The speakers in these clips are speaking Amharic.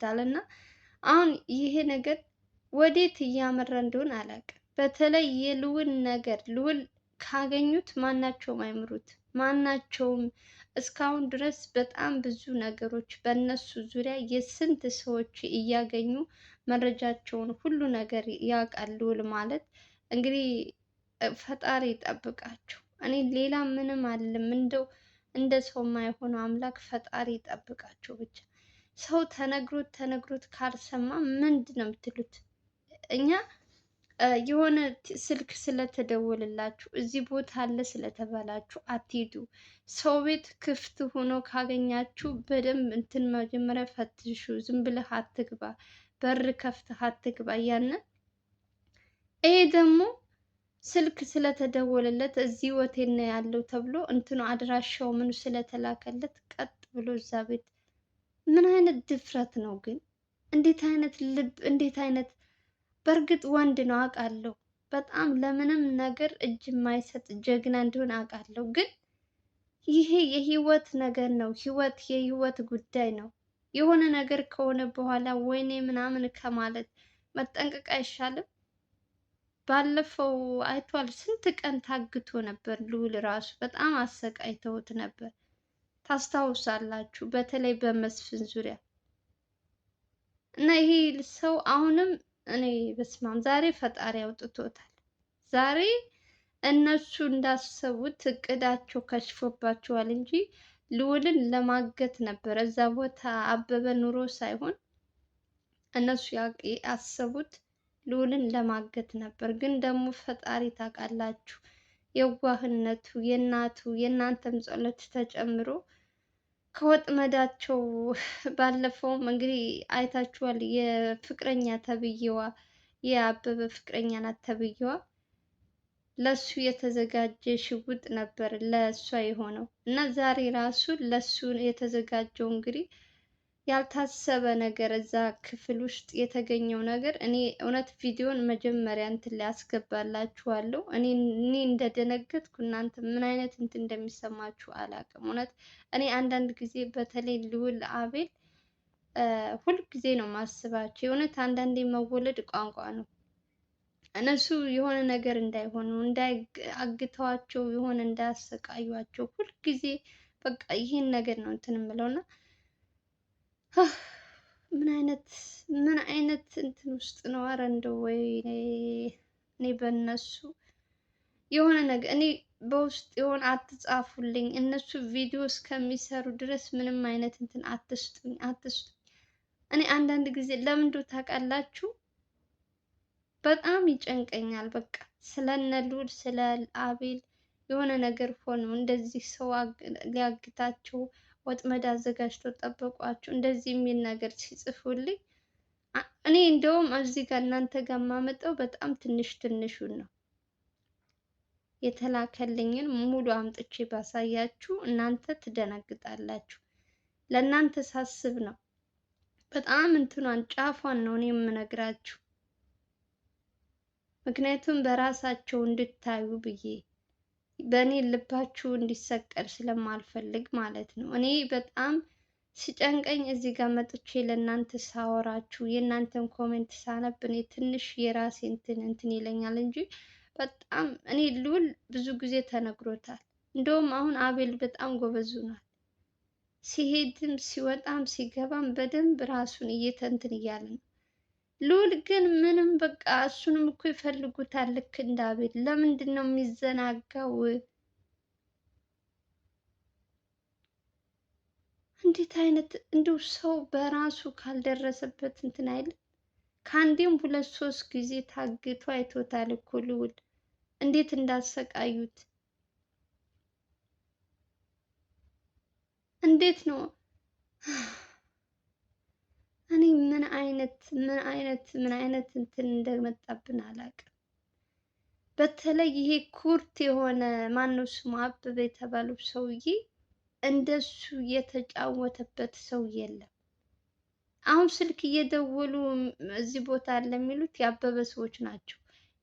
ይወስዳል እና አሁን ይሄ ነገር ወዴት እያመራ እንደሆነ አላውቅም። በተለይ የልውል ነገር ልውል ካገኙት ማናቸውም አይምሩት ማናቸውም። እስካሁን ድረስ በጣም ብዙ ነገሮች በእነሱ ዙሪያ የስንት ሰዎች እያገኙ መረጃቸውን ሁሉ ነገር ያውቃል ልውል ማለት እንግዲህ ፈጣሪ ይጠብቃቸው። እኔ ሌላ ምንም አልልም። እንደው እንደ ሰው የማይሆነው አምላክ ፈጣሪ ይጠብቃቸው ብቻ። ሰው ተነግሮት ተነግሮት ካልሰማ ምንድን ነው የምትሉት? እኛ የሆነ ስልክ ስለተደወልላችሁ እዚህ ቦታ አለ ስለተባላችሁ አትሄዱ። ሰው ቤት ክፍት ሆኖ ካገኛችሁ በደንብ እንትን መጀመሪያ ፈትሹ። ዝም ብለህ አትግባ፣ በር ከፍተህ አትግባ እያልን ይሄ ደግሞ ስልክ ስለተደወለለት እዚህ ሆቴል ነው ያለው ተብሎ እንትኑ አድራሻው ምኑ ስለተላከለት ቀጥ ብሎ እዛ ቤት ምን አይነት ድፍረት ነው ግን? እንዴት አይነት ልብ እንዴት አይነት በእርግጥ ወንድ ነው አውቃለሁ። በጣም ለምንም ነገር እጅ የማይሰጥ ጀግና እንዲሆን አውቃለሁ። ግን ይሄ የህይወት ነገር ነው። ህይወት የህይወት ጉዳይ ነው። የሆነ ነገር ከሆነ በኋላ ወይኔ ምናምን ከማለት መጠንቀቅ አይሻልም? ባለፈው አይቷል። ስንት ቀን ታግቶ ነበር ልዑል ራሱ በጣም አሰቃይተውት ነበር። ታስታውሳላችሁ፣ በተለይ በመስፍን ዙሪያ እና ይሄ ሰው አሁንም እኔ በስማም ዛሬ ፈጣሪ አውጥቶታል። ዛሬ እነሱ እንዳሰቡት እቅዳቸው ከሽፎባቸዋል እንጂ ልውልን ለማገት ነበር እዛ ቦታ አበበ ኑሮ ሳይሆን እነሱ ያሰቡት ልውልን ለማገት ነበር። ግን ደግሞ ፈጣሪ ታውቃላችሁ የዋህነቱ የእናቱ የእናንተም ጸሎት ተጨምሮ ከወጥመዳቸው ባለፈውም እንግዲህ አይታችኋል። የፍቅረኛ ተብዬዋ የአበበ ፍቅረኛ ናት ተብዬዋ ለሱ የተዘጋጀ ሽጉጥ ነበር ለእሷ የሆነው እና ዛሬ ራሱ ለሱ የተዘጋጀው እንግዲህ ያልታሰበ ነገር እዛ ክፍል ውስጥ የተገኘው ነገር እኔ እውነት ቪዲዮን መጀመሪያ እንትን ላይ አስገባላችኋለሁ። እኔ እኔ እንደደነገጥኩ እናንተ ምን አይነት እንትን እንደሚሰማችሁ አላውቅም። እውነት እኔ አንዳንድ ጊዜ በተለይ ልውል አቤል ሁል ጊዜ ነው ማስባቸው። የእውነት አንዳንዴ መወለድ ቋንቋ ነው። እነሱ የሆነ ነገር እንዳይሆኑ እንዳያግተዋቸው፣ የሆነ እንዳያሰቃዩቸው ሁልጊዜ በቃ ይህን ነገር ነው እንትን የምለውና ምን አይነት ምን አይነት እንትን ውስጥ ነው? አረ እንደው ወይ እኔ በእነሱ የሆነ ነገር እኔ በውስጥ የሆነ አትጻፉልኝ። እነሱ ቪዲዮ እስከሚሰሩ ድረስ ምንም አይነት እንትን አትስጡኝ፣ አትስጡኝ። እኔ አንዳንድ ጊዜ ለምንዶ ታውቃላችሁ በጣም ይጨንቀኛል። በቃ ስለነ ሉል ስለ አቤል የሆነ ነገር ሆኖ እንደዚህ ሰው ሊያግታቸው ወጥመድ አዘጋጅቶ ጠበቋችሁ እንደዚህ የሚል ነገር ሲጽፉልኝ እኔ እንደውም እዚህ ጋር እናንተ ጋር የማመጣው በጣም ትንሽ ትንሹን ነው። የተላከልኝን ሙሉ አምጥቼ ባሳያችሁ እናንተ ትደነግጣላችሁ። ለእናንተ ሳስብ ነው። በጣም እንትኗን ጫፏን ነው እኔ የምነግራችሁ። ምክንያቱም በራሳቸው እንድታዩ ብዬ በእኔ ልባችሁ እንዲሰቀል ስለማልፈልግ ማለት ነው። እኔ በጣም ሲጨንቀኝ እዚህ ጋር መጥቼ ለእናንተ ሳወራችሁ የእናንተን ኮሜንት ሳነብ እኔ ትንሽ የራሴ እንትን እንትን ይለኛል እንጂ በጣም እኔ ልዑል ብዙ ጊዜ ተነግሮታል። እንደውም አሁን አቤል በጣም ጎበዝ ሆኗል። ሲሄድም ሲወጣም ሲገባም በደንብ ራሱን እየተንትን እያለ ነው። ልዑል ግን ምንም በቃ እሱንም እኮ ይፈልጉታል። ልክ እንደ አቤል ለምንድን ነው የሚዘናጋው? እንዴት አይነት እንዲሁ ሰው በራሱ ካልደረሰበት እንትን አይልም። ከአንዴም ሁለት ሶስት ጊዜ ታግቶ አይቶታል እኮ ልዑል እንዴት እንዳሰቃዩት እንዴት ነው እኔ ምን አይነት ምን አይነት ምን አይነት እንትን እንደመጣብን አላውቅም። በተለይ ይሄ ኩርት የሆነ ማነው ስሙ አበበ የተባለው ሰውዬ እንደሱ የተጫወተበት ሰው የለም። አሁን ስልክ እየደወሉ እዚህ ቦታ አለ የሚሉት ያበበ ሰዎች ናቸው።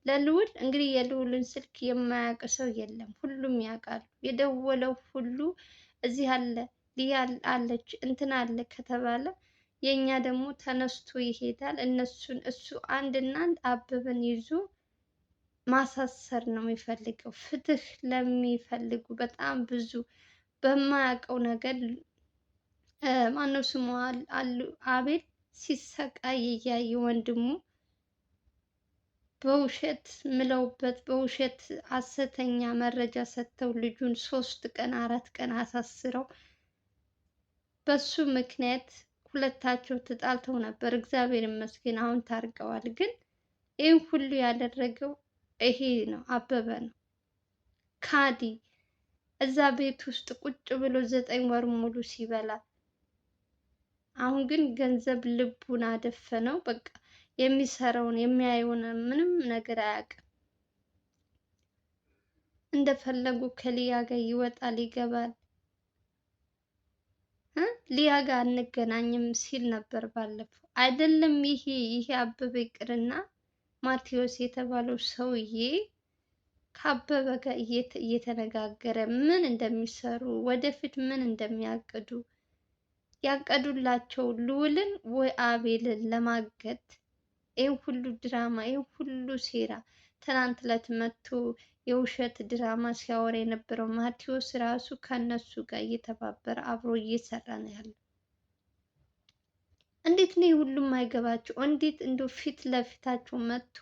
ለልውል እንግዲህ የልውልን ስልክ የማያውቅ ሰው የለም። ሁሉም ያውቃሉ። የደወለው ሁሉ እዚህ አለ ሊያ አለች እንትን አለ ከተባለ የእኛ ደግሞ ተነስቶ ይሄዳል። እነሱን እሱ አንድ እና አንድ አበበን ይዞ ማሳሰር ነው የሚፈልገው። ፍትህ ለሚፈልጉ በጣም ብዙ በማያውቀው ነገር ማነው ስሙ አቤል ሲሰቃይ እያየ ወንድሙ በውሸት ምለውበት በውሸት ሐሰተኛ መረጃ ሰጥተው ልጁን ሶስት ቀን አራት ቀን አሳስረው በሱ ምክንያት ሁለታቸው ተጣልተው ነበር። እግዚአብሔር ይመስገን አሁን ታርቀዋል። ግን ይህን ሁሉ ያደረገው ይሄ ነው፣ አበበ ነው ካዲ። እዛ ቤት ውስጥ ቁጭ ብሎ ዘጠኝ ወር ሙሉ ሲበላ፣ አሁን ግን ገንዘብ ልቡን አደፈነው። በቃ የሚሰራውን የሚያየውን ምንም ነገር አያውቅም። እንደፈለጉ ከሊያ ጋር ይወጣል ይገባል። ሊያ ጋር አንገናኝም ሲል ነበር ባለፈው። አይደለም ይሄ ይሄ አበበ ይቅርና ማቴዎስ የተባለው ሰውዬ ከአበበ ጋር እየተነጋገረ ምን እንደሚሰሩ ወደፊት ምን እንደሚያቅዱ ያቀዱላቸው ልዑልን ወይ አቤልን ለማገት ይህ ሁሉ ድራማ ይህ ሁሉ ሴራ ትናንት ዕለት መጥቶ የውሸት ድራማ ሲያወራ የነበረው ማቴዎስ ራሱ ከነሱ ጋር እየተባበረ አብሮ እየሰራ ነው ያለው። እንዴት ነው ሁሉም አይገባቸው? እንዴት እንደ ፊት ለፊታቸው መጥቶ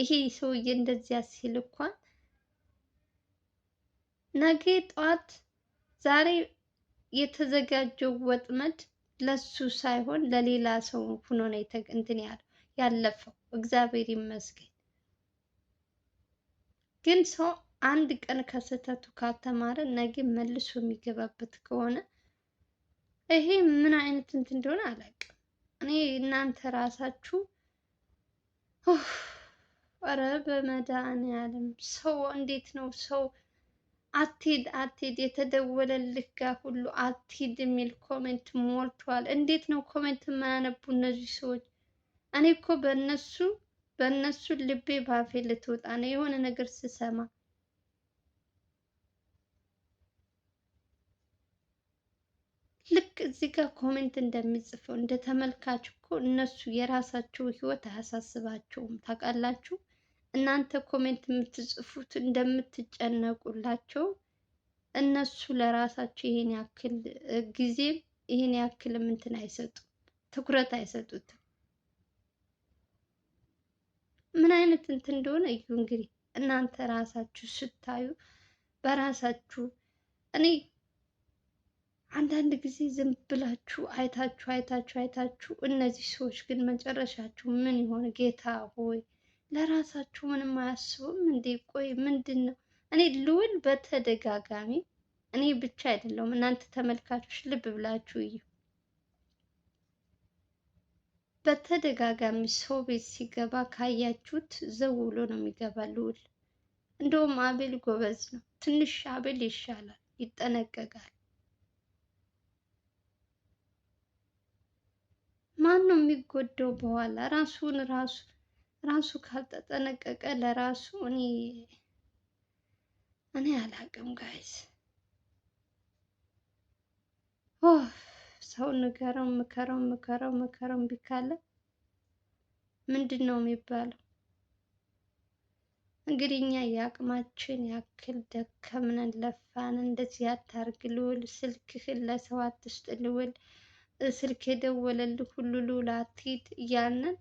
ይሄ ሰውዬ እንደዚያ ሲል እንኳን ነገ ጠዋት ዛሬ የተዘጋጀው ወጥመድ ለሱ ሳይሆን ለሌላ ሰው ሆኖ ነው እንትን ያለው ያለፈው። እግዚአብሔር ይመስገን። ግን ሰው አንድ ቀን ከስህተቱ ካልተማረ ነገ መልሶ የሚገባበት ከሆነ ይሄ ምን አይነት እንትን እንደሆነ አላውቅም። እኔ እናንተ ራሳችሁ ኧረ በመድኃኒዓለም ሰው እንዴት ነው ሰው አትሂድ አትሂድ የተደወለልህ ጋር ሁሉ አትሂድ የሚል ኮሜንት ሞልቷል። እንዴት ነው ኮሜንት የማያነቡ እነዚህ ሰዎች? እኔ እኮ በእነሱ በእነሱ ልቤ ባፌ ልትወጣ ነው የሆነ ነገር ስሰማ ልክ እዚህ ጋር ኮሜንት እንደሚጽፈው እንደ ተመልካች እኮ እነሱ የራሳቸው ህይወት አያሳስባቸውም። ታውቃላችሁ እናንተ ኮሜንት የምትጽፉት እንደምትጨነቁላቸው እነሱ ለራሳቸው ይሄን ያክል ጊዜም ይሄን ያክል ምንትን አይሰጡም፣ ትኩረት አይሰጡትም። ምን አይነት እንትን እንደሆነ እዩ እንግዲህ እናንተ ራሳችሁ ስታዩ በራሳችሁ እኔ አንዳንድ ጊዜ ዝም ብላችሁ አይታችሁ አይታችሁ አይታችሁ እነዚህ ሰዎች ግን መጨረሻችሁ ምን ይሆን? ጌታ ሆይ ለራሳችሁ ምንም አያስቡም እንዴ? ቆይ ምንድን ነው? እኔ ልውል በተደጋጋሚ እኔ ብቻ አይደለሁም እናንተ ተመልካቾች ልብ ብላችሁ እዩ። በተደጋጋሚ ሰው ቤት ሲገባ ካያችሁት ዘው ብሎ ነው የሚገባ ልዑል። እንደውም አቤል ጎበዝ ነው። ትንሽ አቤል ይሻላል፣ ይጠነቀቃል። ማን ነው የሚጎዳው በኋላ? ራሱን ራሱ ራሱ ካልተጠነቀቀ ለራሱ እኔ እኔ አላቅም ጋይዝ ሰው ንገረው ምከረው ምከረው ምከረው እምቢ ካለ ምንድን ነው የሚባለው? እንግዲህ እኛ የአቅማችን ያክል ደከምነን ለፋን። እንደዚህ አታርግ ልውል፣ ስልክህን ለሰው አትስጥ ልውል፣ ስልክ የደወለልህ ሁሉ ልውል አትሂድ እያልን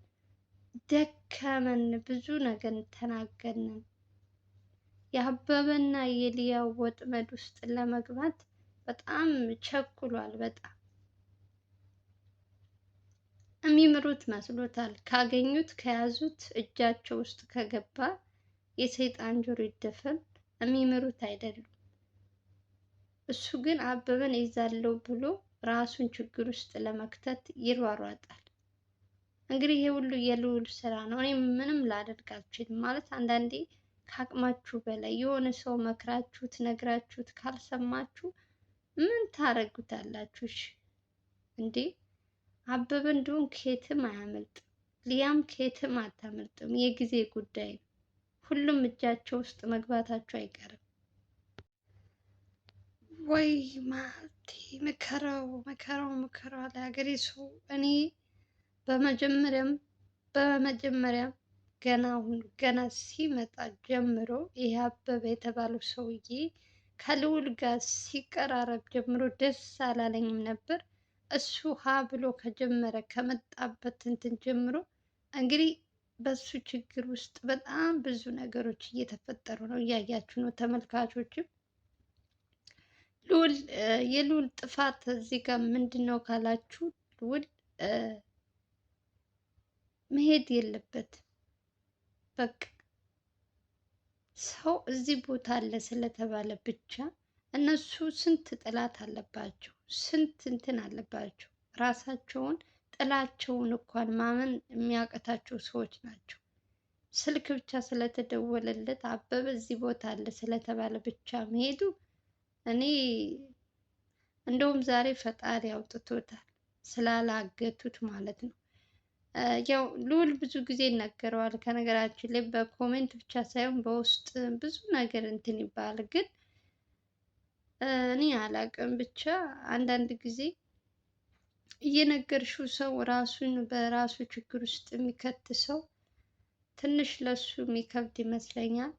ደከመን፣ ብዙ ነገር ተናገርን። የአበበና የሊያ ወጥመድ ውስጥ ለመግባት በጣም ቸኩሏል በጣም የሚምሩት መስሎታል። ካገኙት ከያዙት እጃቸው ውስጥ ከገባ የሰይጣን ጆሮ ይደፈን፣ የሚምሩት አይደሉም። እሱ ግን አበበን ይዛለው ብሎ ራሱን ችግር ውስጥ ለመክተት ይሯሯጣል። እንግዲህ ይህ ሁሉ የልዑል ስራ ነው። እኔ ምንም ላደርግ አልችልም ማለት አንዳንዴ ከአቅማችሁ በላይ የሆነ ሰው መክራችሁት ነግራችሁት ካልሰማችሁ ምን ታደርጉታላችሁ? እሺ እንዴ አበበ እንዲሁም ኬትም አያመልጥም፣ ሊያም ኬትም አታመልጥም። የጊዜ ጉዳይ ነው። ሁሉም እጃቸው ውስጥ መግባታቸው አይቀርም። ወይ ማቴ መከራው መከራው መከራው ለሀገሬ ሰው እኔ በመጀመሪያም በመጀመሪያም ገና አሁን ገና ሲመጣ ጀምሮ ይህ አበበ የተባለው ሰውዬ ከልዑል ጋር ሲቀራረብ ጀምሮ ደስ አላለኝም ነበር። እሱ ሀ ብሎ ከጀመረ ከመጣበት እንትን ጀምሮ እንግዲህ በሱ ችግር ውስጥ በጣም ብዙ ነገሮች እየተፈጠሩ ነው። እያያችሁ ነው ተመልካቾችም። ልዑል የልዑል ጥፋት እዚህ ጋር ምንድን ነው ካላችሁ፣ ልዑል መሄድ የለበትም በቃ ሰው እዚህ ቦታ አለ ስለተባለ ብቻ እነሱ ስንት ጥላት አለባቸው። ስንት እንትን አለባቸው። ራሳቸውን ጥላቸውን እንኳን ማመን የሚያቅታቸው ሰዎች ናቸው። ስልክ ብቻ ስለተደወለለት አበበ እዚህ ቦታ አለ ስለተባለ ብቻ መሄዱ እኔ እንደውም ዛሬ ፈጣሪ አውጥቶታል ስላላገቱት ማለት ነው። ያው ልዑል ብዙ ጊዜ ይነገረዋል። ከነገራችን ላይ በኮሜንት ብቻ ሳይሆን በውስጥ ብዙ ነገር እንትን ይባላል ግን እኔ አላቅም ብቻ አንዳንድ ጊዜ እየነገርሽው ሰው ራሱን በራሱ ችግር ውስጥ የሚከት ሰው ትንሽ ለሱ የሚከብድ ይመስለኛል።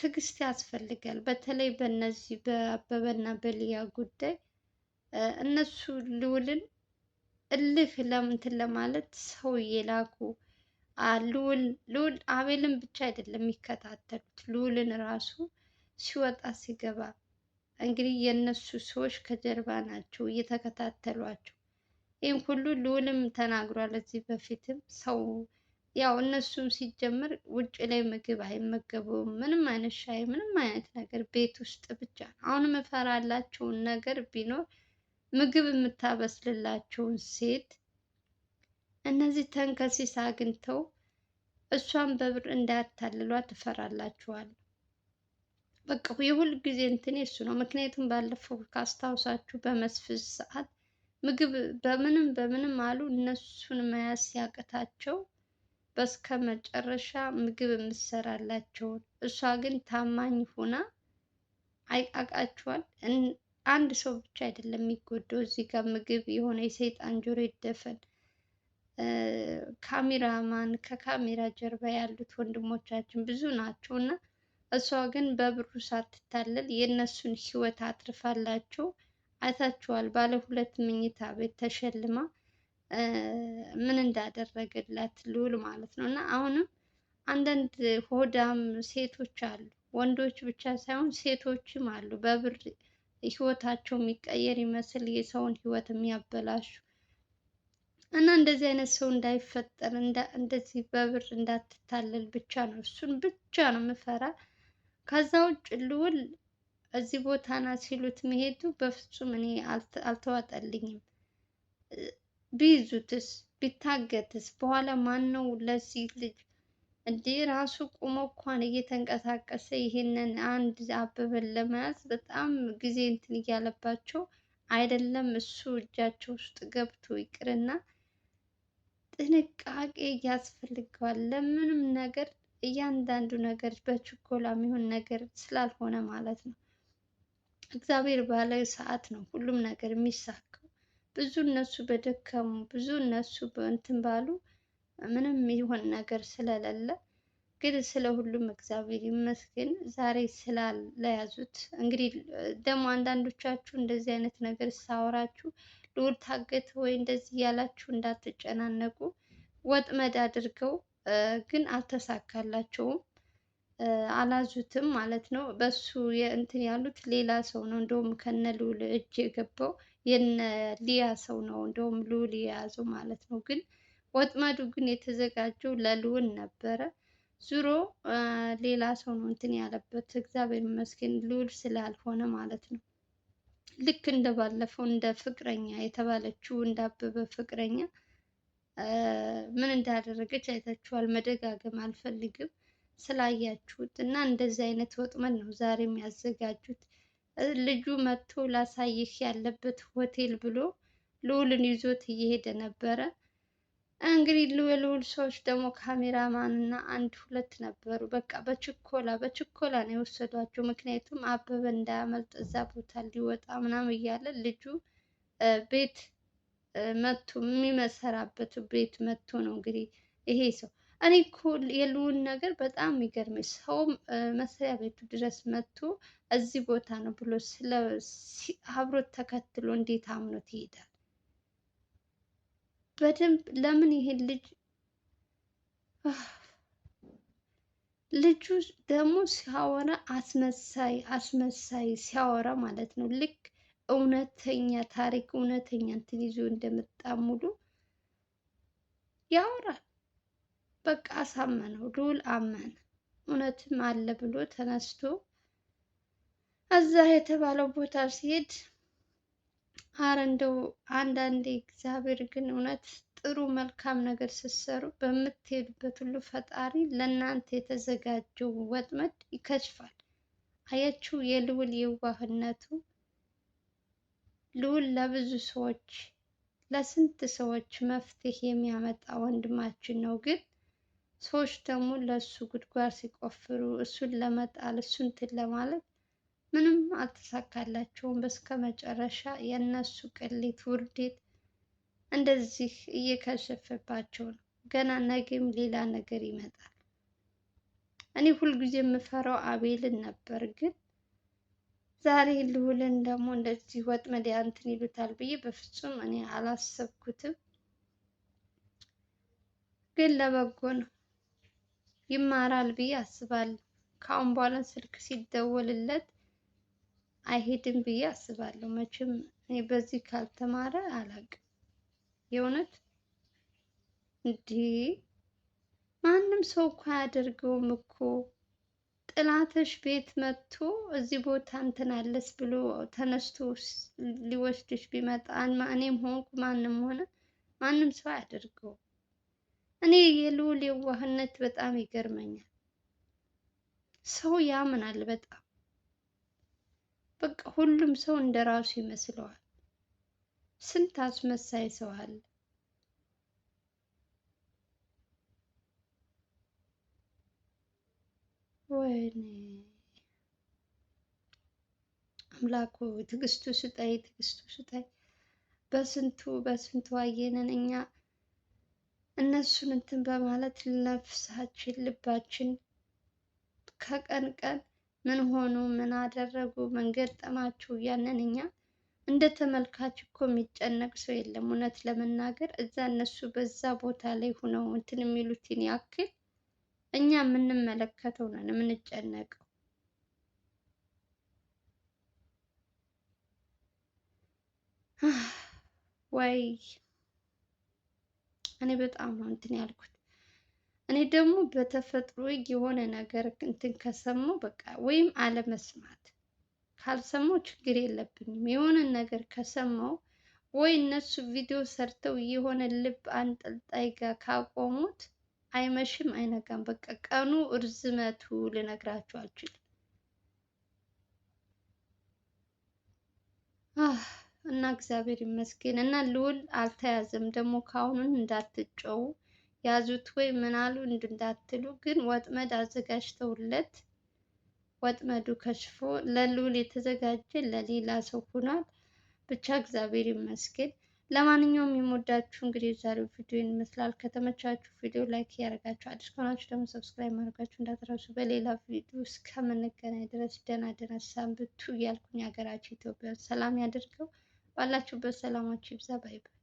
ትዕግስት ያስፈልጋል። በተለይ በእነዚህ በአበበና በሊያ ጉዳይ እነሱ ልውልን እልህ ለምንትን ለማለት ሰው እየላኩ ልውል አቤልን ብቻ አይደለም የሚከታተሉት ልውልን ራሱ ሲወጣ ሲገባ እንግዲህ የእነሱ ሰዎች ከጀርባ ናቸው እየተከታተሏቸው። ይህም ሁሉ ልዑልም ተናግሯል። እዚህ በፊትም ሰው ያው እነሱም ሲጀምር ውጭ ላይ ምግብ አይመገቡም፣ ምንም አይነት ሻይ፣ ምንም አይነት ነገር ቤት ውስጥ ብቻ። አሁን እፈራላቸውን ነገር ቢኖር ምግብ የምታበስልላቸውን ሴት እነዚህ ተንከሲስ አግኝተው እሷን በብር እንዳያታልሏት እፈራላችኋለሁ። በቃ የሁል ጊዜ እንትን የሱ ነው። ምክንያቱም ባለፈው ካስታውሳችሁ በመስፍን ሰዓት ምግብ በምንም በምንም አሉ እነሱን መያዝ ሲያቅታቸው በስከ መጨረሻ ምግብ የምትሰራላቸውን እሷ ግን ታማኝ ሆና አይቃቃችኋል። አንድ ሰው ብቻ አይደለም የሚጎዳው እዚህ ጋር ምግብ የሆነ የሰይጣን ጆሮ ይደፈን። ካሜራማን ከካሜራ ጀርባ ያሉት ወንድሞቻችን ብዙ ናቸው እና እሷ ግን በብሩ ሳትታለል የእነሱን ህይወት አትርፋላቸው። አይታችኋል፣ ባለ ሁለት መኝታ ቤት ተሸልማ ምን እንዳደረገላት ልዑል ማለት ነው። እና አሁንም አንዳንድ ሆዳም ሴቶች አሉ፣ ወንዶች ብቻ ሳይሆን ሴቶችም አሉ። በብር ህይወታቸው የሚቀየር ይመስል የሰውን ህይወት የሚያበላሹ እና እንደዚህ አይነት ሰው እንዳይፈጠር እንደዚህ በብር እንዳትታለል ብቻ ነው እሱን ብቻ ነው የምፈራ። ከዛ ውጭ ልዑል እዚህ ቦታ ናት ሲሉት መሄዱ በፍጹም እኔ አልተዋጠልኝም። ቢይዙትስ ቢታገትስ በኋላ ማን ነው ለዚህ ልጅ እንዲህ ራሱ ቁሞ እንኳን እየተንቀሳቀሰ ይሄንን አንድ አበበን ለመያዝ በጣም ጊዜ እንትን እያለባቸው አይደለም እሱ እጃቸው ውስጥ ገብቶ ይቅርና ጥንቃቄ ያስፈልገዋል። ለምንም ነገር እያንዳንዱ ነገር በችኮላ የሚሆን ነገር ስላልሆነ ማለት ነው። እግዚአብሔር ባለ ሰዓት ነው ሁሉም ነገር የሚሳካው። ብዙ እነሱ በደከሙ ብዙ እነሱ በእንትን ባሉ ምንም ይሆን ነገር ስለሌለ ግን ስለ ሁሉም እግዚአብሔር ይመስገን። ዛሬ ስላለያዙት እንግዲህ ደግሞ አንዳንዶቻችሁ እንደዚህ አይነት ነገር ሳወራችሁ ልዑል ታገተ ወይ እንደዚህ እያላችሁ እንዳትጨናነቁ ወጥመድ አድርገው ግን አልተሳካላቸውም። አላዙትም ማለት ነው። በሱ እንትን ያሉት ሌላ ሰው ነው። እንደውም ከነ ልዑል እጅ የገባው የነ ሊያ ሰው ነው። እንደውም ልዑል የያዘው ማለት ነው። ግን ወጥመዱ ግን የተዘጋጀው ለልዑል ነበረ። ዙሮ ሌላ ሰው ነው እንትን ያለበት። እግዚአብሔር ይመስገን ልዑል ስላልሆነ ማለት ነው። ልክ እንደባለፈው እንደ ፍቅረኛ የተባለችው እንደ አበበ ፍቅረኛ ምን እንዳደረገች አይታችኋል። መደጋገም አልፈልግም ስላያችሁት እና እንደዚህ አይነት ወጥመድ ነው ዛሬ የሚያዘጋጁት። ልጁ መጥቶ ላሳይህ ያለበት ሆቴል ብሎ ልዑልን ይዞት እየሄደ ነበረ። እንግዲህ ልዑል ሰዎች ደግሞ ካሜራማን እና አንድ ሁለት ነበሩ። በቃ በችኮላ በችኮላ ነው የወሰዷቸው። ምክንያቱም አበበ እንዳያመልጥ እዛ ቦታ ሊወጣ ምናምን እያለ ልጁ ቤት መቶ የሚመሰራበት ቤት መቶ ነው እንግዲህ ይሄ ሰው። እኔ እኮ የልውን ነገር በጣም ይገርመኝ። ሰው መስሪያ ቤቱ ድረስ መጥቶ እዚህ ቦታ ነው ብሎ ስለ አብሮት ተከትሎ እንዴት አምኖት ይሄዳል? በደንብ ለምን ይሄን ልጅ ልጁ ደግሞ ሲያወራ አስመሳይ አስመሳይ ሲያወራ ማለት ነው ልክ እውነተኛ ታሪክ እውነተኛ እንትን ይዞ እንደመጣ ሙሉ ያወራል። በቃ አሳመነው፣ ልዑል አመነ፣ እውነትም አለ ብሎ ተነስቶ እዛ የተባለው ቦታ ሲሄድ አረ እንደው አንዳንዴ እግዚአብሔር ግን እውነት ጥሩ መልካም ነገር ስትሰሩ በምትሄዱበት ሁሉ ፈጣሪ ለእናንተ የተዘጋጀው ወጥመድ ይከሽፋል። አያችሁ የልዑል የዋህነቱ ልዑል ለብዙ ሰዎች ለስንት ሰዎች መፍትሄ የሚያመጣ ወንድማችን ነው። ግን ሰዎች ደግሞ ለእሱ ጉድጓድ ሲቆፍሩ እሱን ለመጣል እሱን እንትን ለማለት ምንም አልተሳካላቸውም። በስከ መጨረሻ የእነሱ ቅሌት፣ ውርዴት እንደዚህ እየከሸፈባቸው ነው። ገና ነገም ሌላ ነገር ይመጣል። እኔ ሁልጊዜ የምፈራው አቤልን ነበር ግን ዛሬ ልውልን ደግሞ እንደዚህ ወጥመድ እንትን ይሉታል ብዬ በፍጹም እኔ አላሰብኩትም። ግን ለበጎ ነው፣ ይማራል ብዬ አስባለሁ። ከአሁን በኋላ ስልክ ሲደወልለት አይሄድም ብዬ አስባለሁ። መቼም እኔ በዚህ ካልተማረ አላውቅም። የእውነት እንዲህ ማንም ሰው እኮ አያደርገውም እኮ ጥላትሽ ቤት መጥቶ እዚህ ቦታ እንትን አለስ ብሎ ተነስቶ ሊወስድሽ ቢመጣ እኔም ሆንኩ ማንም ሆነ ማንም ሰው አያደርገው። እኔ የልዑል የዋህነት በጣም ይገርመኛል። ሰው ያምናል በጣም በቃ ሁሉም ሰው እንደ ራሱ ይመስለዋል። ስንት አስመሳይ ሰው አለ። ወይኔ አምላኩ ትግስቱ ትዕግስቱ ስጠይ፣ ትዕግስቱ ስጠይ። በስንቱ በስንቱ አየንን እኛ እነሱን እንትን በማለት ነፍሳችን ልባችን ከቀን ቀን ምን ሆኑ ምን አደረጉ ምን ገጠማቸው እያልን እኛ እንደ ተመልካች እኮ የሚጨነቅ ሰው የለም። እውነት ለመናገር እዛ እነሱ በዛ ቦታ ላይ ሁነው እንትን የሚሉትን ያክል እኛ የምንመለከተው ነን የምንጨነቀው። ወይ እኔ በጣም ነው እንትን ያልኩት። እኔ ደግሞ በተፈጥሮ የሆነ ነገር እንትን ከሰማሁ በቃ ወይም አለመስማት ካልሰማሁ ችግር የለብኝም። የሆነ ነገር ከሰማሁ ወይ እነሱ ቪዲዮ ሰርተው የሆነ ልብ አንጠልጣይ ጋር ካቆሙት አይመሽም አይነጋም። በቃ ቀኑ እርዝመቱ ልነግራችሁ አልችልም። እና እግዚአብሔር ይመስገን እና ልውል አልተያዘም። ደግሞ ካሁኑን እንዳትጨው ያዙት ወይ ምናሉ እንዳትሉ፣ ግን ወጥመድ አዘጋጅተውለት ወጥመዱ ከሽፎ ለልውል የተዘጋጀ ለሌላ ሰው ሆኗል። ብቻ እግዚአብሔር ይመስገን። ለማንኛውም የምወዳችሁ እንግዲህ የዛሬው ቪዲዮ ይመስላል። ከተመቻችሁ ቪዲዮ ላይክ እያደረጋችሁ አዲስ ከሆናችሁ ደግሞ ሰብስክራይብ ማድረጋችሁ እንዳትረሱ። በሌላ ቪዲዮ እስከምንገናኝ ድረስ ደህና ደህና ሰንብቱ እያልኩኝ ሀገራችን ኢትዮጵያን ሰላም ያደርገው። ባላችሁበት ሰላማችሁ ይብዛ። ባይ ባይ።